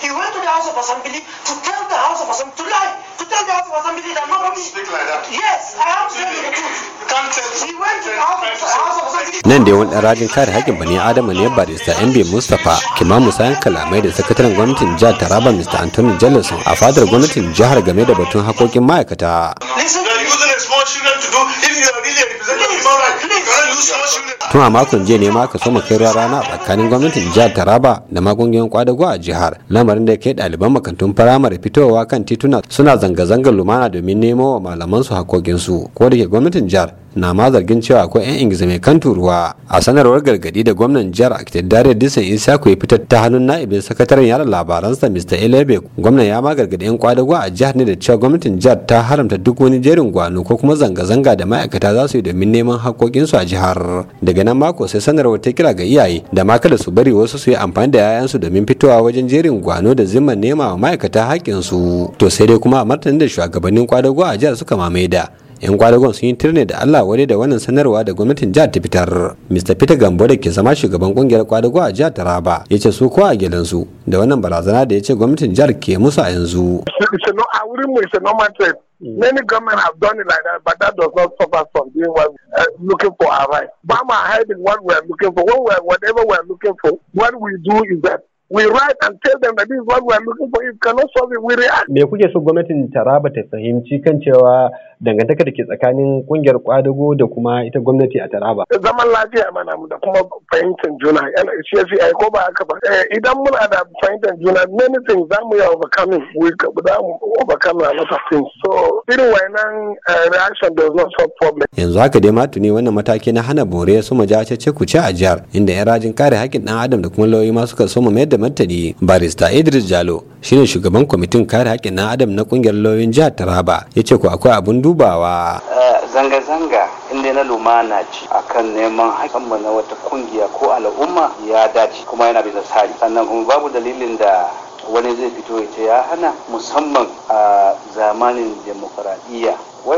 He went to the House of Assembly to tell the House of Assembly, to lie, to tell the House of Assembly that nobody... Speak like that. Yes, I am telling you the truth. Nan da wani rajin kare haƙƙin bani Adamu ne ba barista MB Mustapha Kimamu sayan kalamai da sakataren gwamnatin jihar Taraba Mr. Anthony Jellison a fadar gwamnatin jihar game da batun haƙoƙin ma'aikata. Listen, you are tun a makon jiya ne ma aka soma kai rana tsakanin gwamnatin jihar taraba da magungunan kwadago a jihar lamarin da kai ɗaliban makantun firamare fitowa kan tituna suna zanga-zangar lumana domin nemo wa malaman su hakokin su ko da ke gwamnatin jihar na ma zargin cewa akwai 'yan ingiza mai kan turuwa a sanarwar gargadi da gwamnan jihar akitadare disan ku ya fitar ta hannun na'ibin sakataren yada labaransa mr elebe gwamnan ya ma gargadi 'yan kwadago a jihar ne da cewa gwamnatin jihar ta haramta duk wani jerin gwano ko kuma zanga-zanga da ma'aikata za su yi domin neman haƙoƙinsu a jihar daga nan mako sai sanarwar ta kira ga iyaye da ma kada su bari wasu su yi amfani da 'ya'yansu domin fitowa wajen jerin gwano da zimman nema wa ma'aikata haƙƙinsu to sai dai kuma a martanin da shugabannin kwadagwa a jihar suka mamaye da yan kwadagon sun yi tirne da allah wani da wannan sanarwa da gwamnatin jihar ta fitar mr peter gambo da ke zama shugaban kungiyar kwadago a jihar taraba ya ce su kowa a gidansu da wannan barazana da ya ce gwamnatin jihar ke musu a yanzu a wurin Many governments have done it like that, but that does not stop us from doing what uh, are looking for our right, Bama hiding what are looking for. we are, whatever are looking for, what we do is that we write and tell them that this is what we are looking for. If cannot solve it, we react. Me kuke so gwamnatin Taraba ta fahimci kan cewa dangantaka da ke tsakanin kungiyar kwadago da kuma ita gwamnati a Taraba? Zaman lafiya mana mu da kuma fahimtar juna. Shi e ya ko ba haka ba. Eh, idan muna da fahimtar juna, many things za mu yi overcoming. Za mu overcome a lot of things. So, irin wannan eh, reaction does not solve problem. Yanzu haka dai ma tuni wannan mataki na hana bore su soma ja ce kuce a jihar inda 'yan rajin kare haƙƙin ɗan adam da kuma lauyoyi ma suka mu mayar da martani barista idris jalo shine shugaban kwamitin kare haƙƙin na adam na ƙungiyar lauyoyin jihar taraba ya ce ku akwai abun dubawa eh, zanga-zanga inda na lumana ce akan neman haƙƙinmu na wata ƙungiya ko al'umma ya dace kuma yana da tsari sannan kuma babu dalilin da wani zai fito ya ce ya hana musamman a zamanin demokuraɗiyya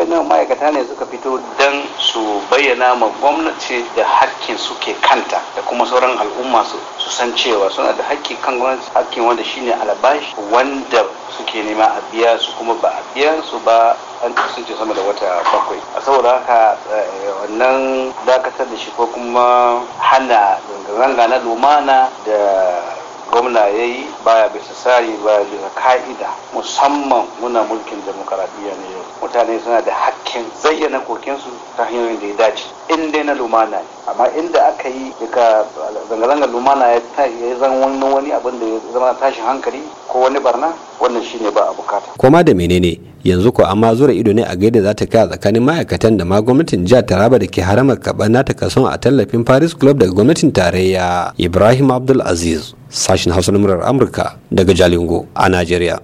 nan ma'aikata ne suka fito don su bayyana ma gwamnati da hakkin suke kanta da kuma sauran al'umma su san cewa suna da hakki kan gwamnati hakkin wanda shine albashi wanda suke nema a biya su kuma ba a biya su ba an kasance sama da wata bakwai a saboda haka eh, wannan dakatar da shi ko kuma hana zanga-zanga na lumana da gwamna ya yi baya bisa tsari baya bisa ka'ida musamman muna mulkin demokaradiyya ne yau mutane suna da hakkin zayyana kokinsu ta hanyoyin da ya dace inda dai na lumana amma inda aka yi daga zanga zanga lumana ya zan wani wani abin da ya zama tashin hankali ko wani barna wannan shine ba a bukata koma da menene yanzu ko amma zura ido ne a gaida za ta kai tsakanin ma'aikatan da ma gwamnatin jihar taraba da ke haramar karɓar nata kason a tallafin paris club daga gwamnatin tarayya ibrahim AbdulAziz. aziz sashin hausa na murar amurka amurka daga jalingo a najeriya